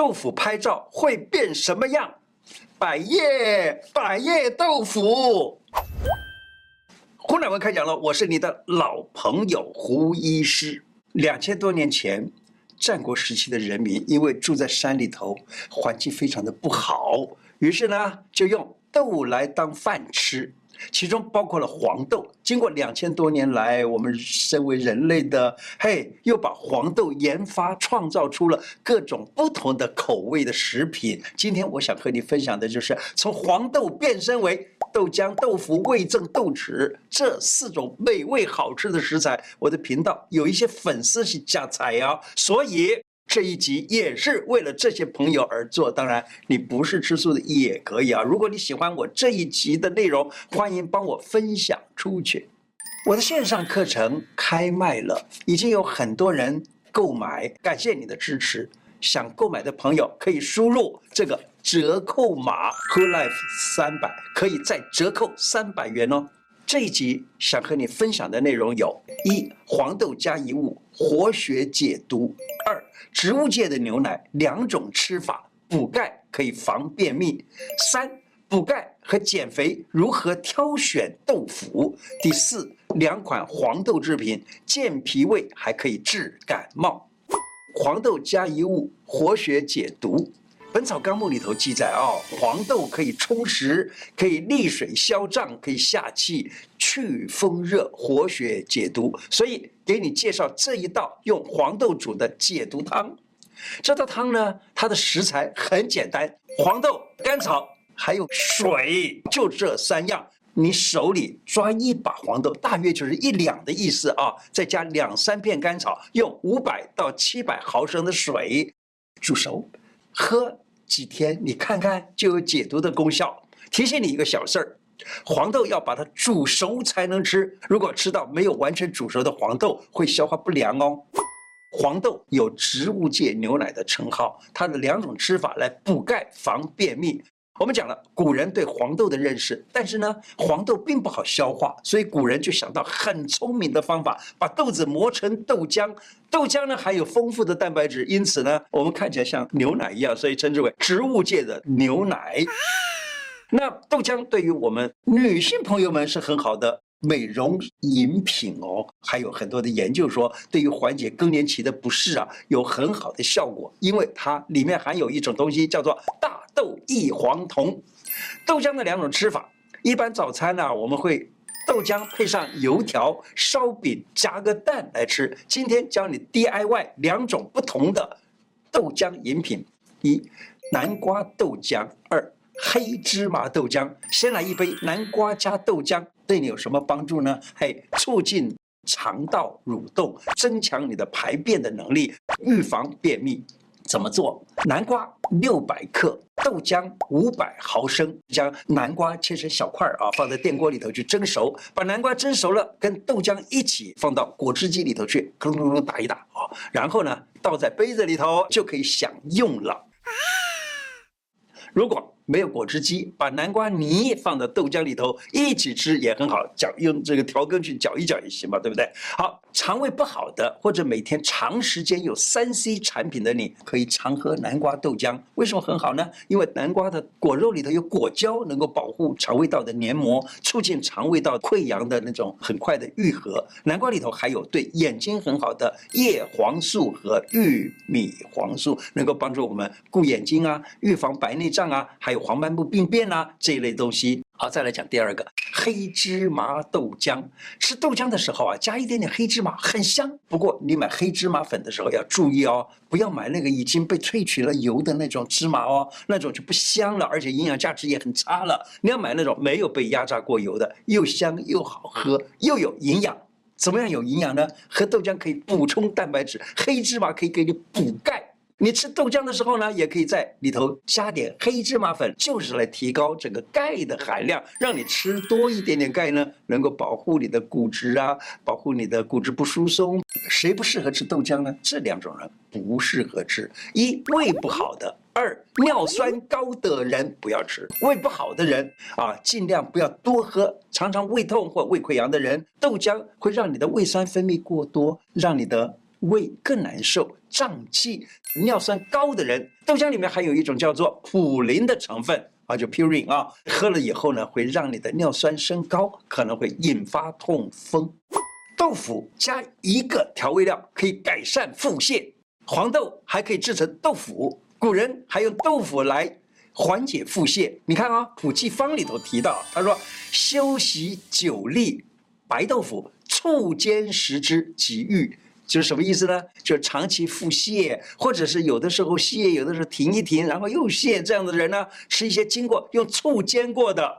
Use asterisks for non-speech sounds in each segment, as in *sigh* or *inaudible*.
豆腐拍照會變什麼樣？百葉百葉豆腐。胡乃文開講了，我是你的老朋友胡醫師。兩千多年前，戰國時期的人民因為住在山裡頭，環境非常的不好，於是呢，就用豆來當飯吃。其中包括了黃豆，經過兩千多年來，我們身為人類的，嘿，又把黃豆研發創造出了各種不同的口味的食品。今天我想和你分享的就是從黃豆變身為豆漿、豆腐、味噌、豆豉這四種美味好吃的食材。我的頻道有一些粉絲去加菜啊，所以。這一集也是為了這些朋友而做，當然你不是吃素的也可以啊。如果你喜歡我這一集的內容，歡迎幫我分享出去。我的線上課程開賣了，已經有很多人購買，感謝你的支持。想購買的朋友可以輸入這個折扣碼 “HuLife300”，可以再折扣三百元哦。這一集想和你分享的內容有：一、黃豆加一物，活血解毒；二、植物界的牛奶，兩種吃法，補鈣可以防便秘；三、補鈣和減肥，如何挑選豆腐？第四，兩款黃豆製品，健脾胃還可以治感冒。黃豆加一物，活血解毒。《本草綱目》裡頭記載啊、哦，黃豆可以充實，可以利水消脹，可以下氣、去風熱、活血、解毒。所以給你介紹這一道用黃豆煮的解毒湯。這道湯呢，它的食材很簡單：黃豆、甘草，還有水，就這三樣。你手裡抓一把黃豆，大約就是一兩的意思啊，再加兩三片甘草，用五百到七百毫升的水煮熟，喝。幾天，你看看就有解毒的功效。提醒你一個小事兒，黃豆要把它煮熟才能吃，如果吃到沒有完全煮熟的黃豆，會消化不良哦。黃豆有植物界牛奶的稱號，它的兩種吃法來補鈣防便秘。我們講了古人對黃豆的認識，但是呢，黃豆並不好消化，所以古人就想到很聰明的方法，把豆子磨成豆漿。豆漿呢含有豐富的蛋白質，因此呢，我們看起來像牛奶一樣，所以稱之為植物界的牛奶。那豆漿對於我們女性朋友們是很好的美容飲品哦，還有很多的研究說，對於緩解更年期的不適啊，有很好的效果，因為它裡面含有一種東西叫做大。豆異黃酮，豆漿的兩種吃法。一般早餐呢、啊，我們會豆漿配上油條、燒餅，加個蛋來吃。今天教你 DIY 兩種不同的豆漿飲品：一、南瓜豆漿；二、黑芝麻豆漿。先來一杯南瓜加豆漿，對你有什麼幫助呢？嘿，促進腸道蠕動，增強你的排便的能力，預防便秘。怎麼做？南瓜六百克。豆漿五百毫升，將南瓜切成小塊兒啊，放在電鍋裡頭去蒸熟，把南瓜蒸熟了，跟豆漿一起放到果汁機裡頭去，咕嚕咕嚕打一打啊，哦，然後呢，倒在杯子裡頭就可以享用了。如果沒有果汁機，把南瓜泥放到豆漿裡頭一起吃也很好，攪，用這個調羹去攪一攪也行嘛，對不對？好。腸胃不好的，或者每天長時間有三 C 產品的你，你可以常喝南瓜豆漿。為什麼很好呢？因為南瓜的果肉裡頭有果膠，能夠保護腸胃道的黏膜，促進腸胃道潰瘍的那種很快的愈合。南瓜裡頭還有對眼睛很好的葉黃素和玉米黃素，能夠幫助我們顧眼睛啊，預防白內障啊，還有黃斑部病變啊，這一類東西。好，再來講第二個，黑芝麻豆漿。吃豆漿的時候啊，加一點點黑芝麻，很香。不過你買黑芝麻粉的時候要注意哦，不要買那個已經被萃取了油的那種芝麻哦，那種就不香了，而且營養價值也很差了。你要買那種沒有被壓榨過油的，又香又好喝，又有營養。怎麼樣有營養呢？喝豆漿可以補充蛋白質，黑芝麻可以給你補鈣。你吃豆漿的時候呢，也可以在裡頭加點黑芝麻粉，就是來提高整個鈣的含量，讓你吃多一點點鈣呢，能夠保護你的骨質啊，保護你的骨質不疏鬆。誰不適合吃豆漿呢？這兩種人不適合吃：一、胃不好的；二、尿酸高的人不要吃。胃不好的人啊，盡量不要多喝，常常胃痛或胃潰瘍的人，豆漿會讓你的胃酸分泌過多，讓你的胃更難受，脹氣。尿酸高的人，豆漿裡面還有一種叫做普林的成分啊，就 purine 啊，喝了以後呢，會讓你的尿酸升高，可能會引發痛風。豆腐加一個調味料可以改善腹瀉，黃豆還可以制成豆腐，古人還用豆腐來緩解腹瀉。你看啊、哦，《普濟方》裡頭提到，他說：“休息久立，白豆腐醋煎食之，即愈。”就是什麼意思呢？就是長期腹瀉，或者是有的時候瀉，有的時候停一停，然後又瀉這樣的人呢，吃一些經過用醋煎過的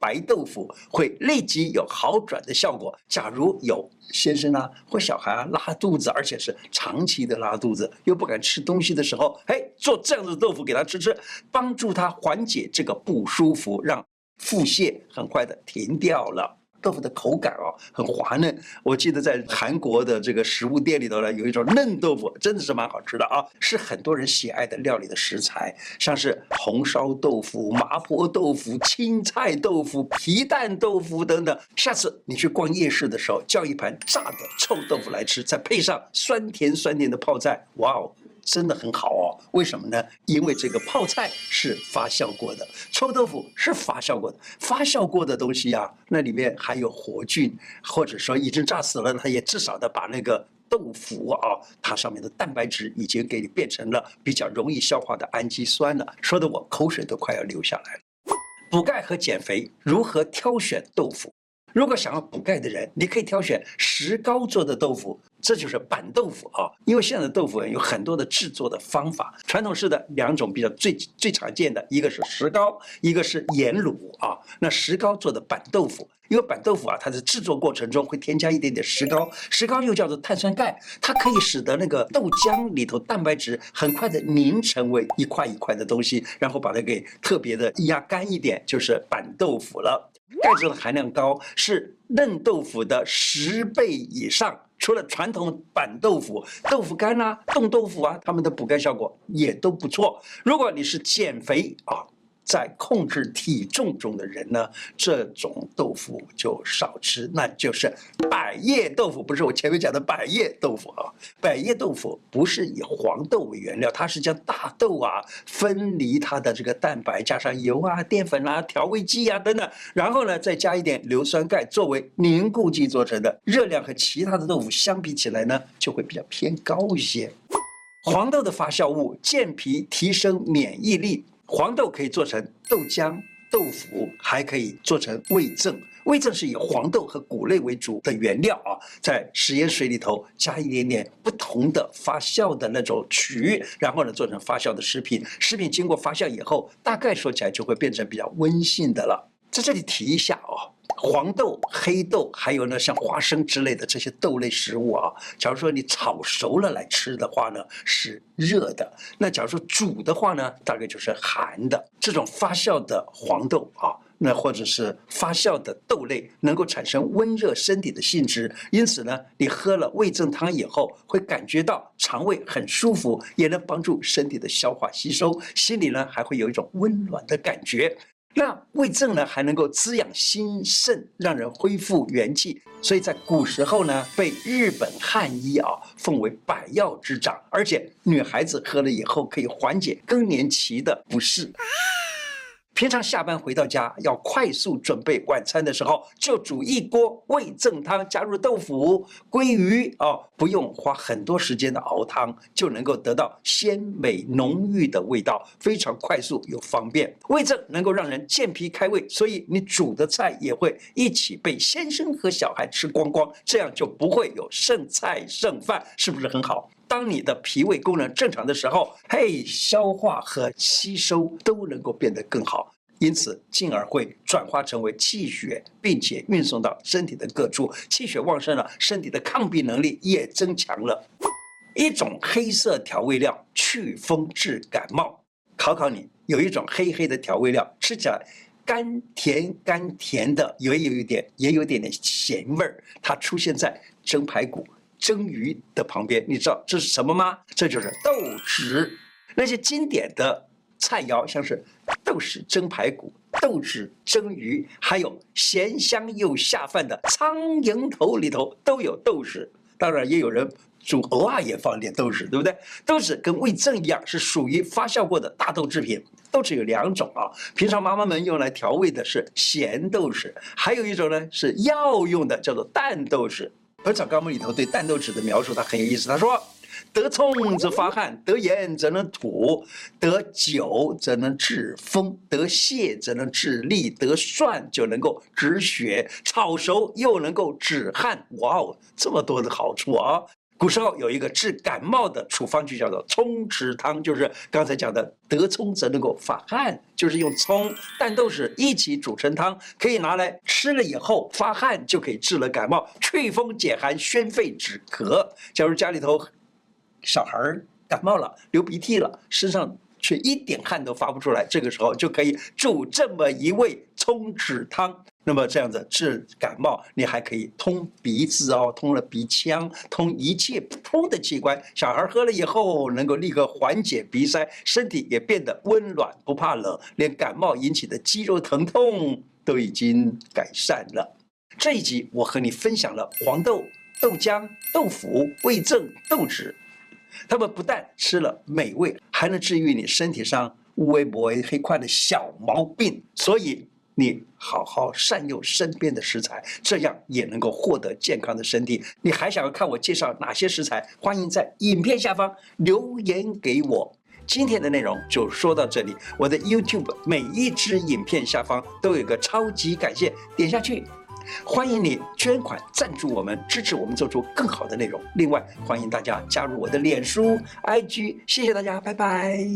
白豆腐，會立即有好轉的效果。假如有先生啊或小孩啊拉肚子，而且是長期的拉肚子，又不敢吃東西的時候，哎，做這樣子的豆腐給他吃吃，幫助他緩解這個不舒服，讓腹瀉很快的停掉了。豆腐的口感哦，很滑嫩。我記得在韓國的這個食物店裡頭呢，有一種嫩豆腐，真的是蠻好吃的啊，是很多人喜愛的料理的食材，像是紅燒豆腐、麻婆豆腐、青菜豆腐、皮蛋豆腐等等。下次你去逛夜市的時候，叫一盤炸的臭豆腐來吃，再配上酸甜酸甜的泡菜，哇哦！真的很好哦，為什麼呢？因為這個泡菜是發酵過的，臭豆腐是發酵過的，發酵過的東西呀、啊，那裡面含有活菌，或者說已經炸死了，它也至少得把那個豆腐啊，它上面的蛋白質已經給你變成了比較容易消化的氨基酸了，說的我口水都快要流下來了。補鈣和減肥，如何挑選豆腐？如果想要補鈣的人，你可以挑選石膏做的豆腐，這就是板豆腐啊。因為現在的豆腐有很多的制作的方法，傳統式的兩種比較最最常見的，一個是石膏，一個是鹽滷啊。那石膏做的板豆腐，因為板豆腐啊，它的制作過程中會添加一點點石膏，石膏又叫做碳酸鈣，它可以使得那個豆漿裡頭蛋白質很快的凝成為一塊一塊的東西，然後把它給特別的壓乾一點，就是板豆腐了。鈣質的含量高，是嫩豆腐的十倍以上。除了傳統板豆腐、豆腐乾啊、凍豆腐啊，它們的補鈣效果也都不錯。如果你是減肥啊，在控制體重中的人呢，這種豆腐就少吃，那就是百葉豆腐，不是我前面講的百葉豆腐啊。百葉豆腐不是以黃豆為原料，它是將大豆啊分離它的這個蛋白，加上油啊、澱粉啊、調味劑啊等等，然後呢再加一點硫酸鈣作為凝固劑做成的。熱量和其他的豆腐相比起來呢，就會比較偏高一些。黃豆的發酵物健脾，提升免疫力。黃豆可以做成豆漿、豆腐，還可以做成味噌。味噌是以黃豆和穀類為主的原料啊，在食鹽水裡頭加一點點不同的發酵的那種麴，然後呢做成發酵的食品。食品經過發酵以後，大概說起來就會變成比較溫性的了。在這裡提一下啊、哦，黃豆、黑豆，還有呢，像花生之類的這些豆類食物啊，假如說你炒熟了來吃的話呢，是熱的；那假如說煮的話呢，大概就是寒的。這種發酵的黃豆啊，那或者是發酵的豆類，能夠產生溫熱身體的性質。因此呢，你喝了味噌湯以後，會感覺到腸胃很舒服，也能幫助身體的消化吸收，心裡呢還會有一種溫暖的感覺。那味噌呢，還能夠滋養心腎，讓人恢復元氣。所以在古時候呢，被日本漢醫啊奉為百藥之長，而且女孩子喝了以後可以緩解更年期的不適。 *laughs* 平常下班回到家要快速準備晚餐的時候，就煮一鍋味噌湯，加入豆腐、鮭魚啊、哦，不用花很多時間的熬湯，就能夠得到鮮美濃郁的味道，非常快速又方便。味噌能夠讓人健脾開胃，所以你煮的菜也會一起被先生和小孩吃光光，這樣就不會有剩菜剩飯，是不是很好？當你的脾胃功能正常的時候，嘿，消化和吸收都能夠變得更好，因此進而會轉化成為氣血，並且運送到身體的各處。氣血旺盛了，身體的抗病能力也增強了。一種黑色調味料，祛風治感冒。考考你，有一種黑黑的調味料，吃起來甘甜甘甜的，也有一點也有點點鹹味兒，它出現在蒸排骨，蒸魚的旁邊，你知道這是什麼嗎？這就是豆豉。那些經典的菜肴，像是豆豉蒸排骨、豆豉蒸魚，還有鹹香又下飯的蒼蠅頭裡頭都有豆豉。當然，也有人煮，偶爾也放點豆豉，對不對？豆豉跟味噌一樣，是屬於發酵過的大豆制品。豆豉有兩種啊，平常媽媽們用來調味的是鹹豆豉，還有一種呢是藥用的，叫做淡豆豉。本草綱目裡頭對淡豆豉的描述，它很有意思。他說，得蔥則發汗，得鹽則能吐，得酒則能治風，得瀉則能治痢，得蒜就能夠止血，炒熟又能夠止汗。哇哦，這麼多的好處啊！古時候有一個治感冒的處方，就叫做蔥豉湯，就是剛才講的，得蔥則能夠發汗，就是用蔥、淡豆豉一起煮成湯，可以拿來吃了以後發汗，就可以治了感冒，祛風解寒、宣肺止咳。假如家裡頭小孩感冒了、流鼻涕了，身上卻一點汗都發不出來，這個時候就可以煮這麼一味蔥豉湯。那麼這樣子治感冒，你還可以通鼻子哦，通了鼻腔，通一切不通的器官。小孩喝了以後，能夠立刻緩解鼻塞，身體也變得溫暖，不怕冷，連感冒引起的肌肉疼痛都已經改善了。這一集我和你分享了黃豆、豆漿、豆腐、味噌、豆豉，他們不但吃了美味，還能治癒你身體上微波黑塊的小毛病，所以，你好好善用身邊的食材，這樣也能夠獲得健康的身體。你還想要看我介紹哪些食材？歡迎在影片下方留言給我。今天的內容就說到這裡。我的 YouTube 每一支影片下方都有個超級感謝，點下去。歡迎你捐款贊助我們，支持我們做出更好的內容。另外，歡迎大家加入我的臉書、IG。謝謝大家，拜拜。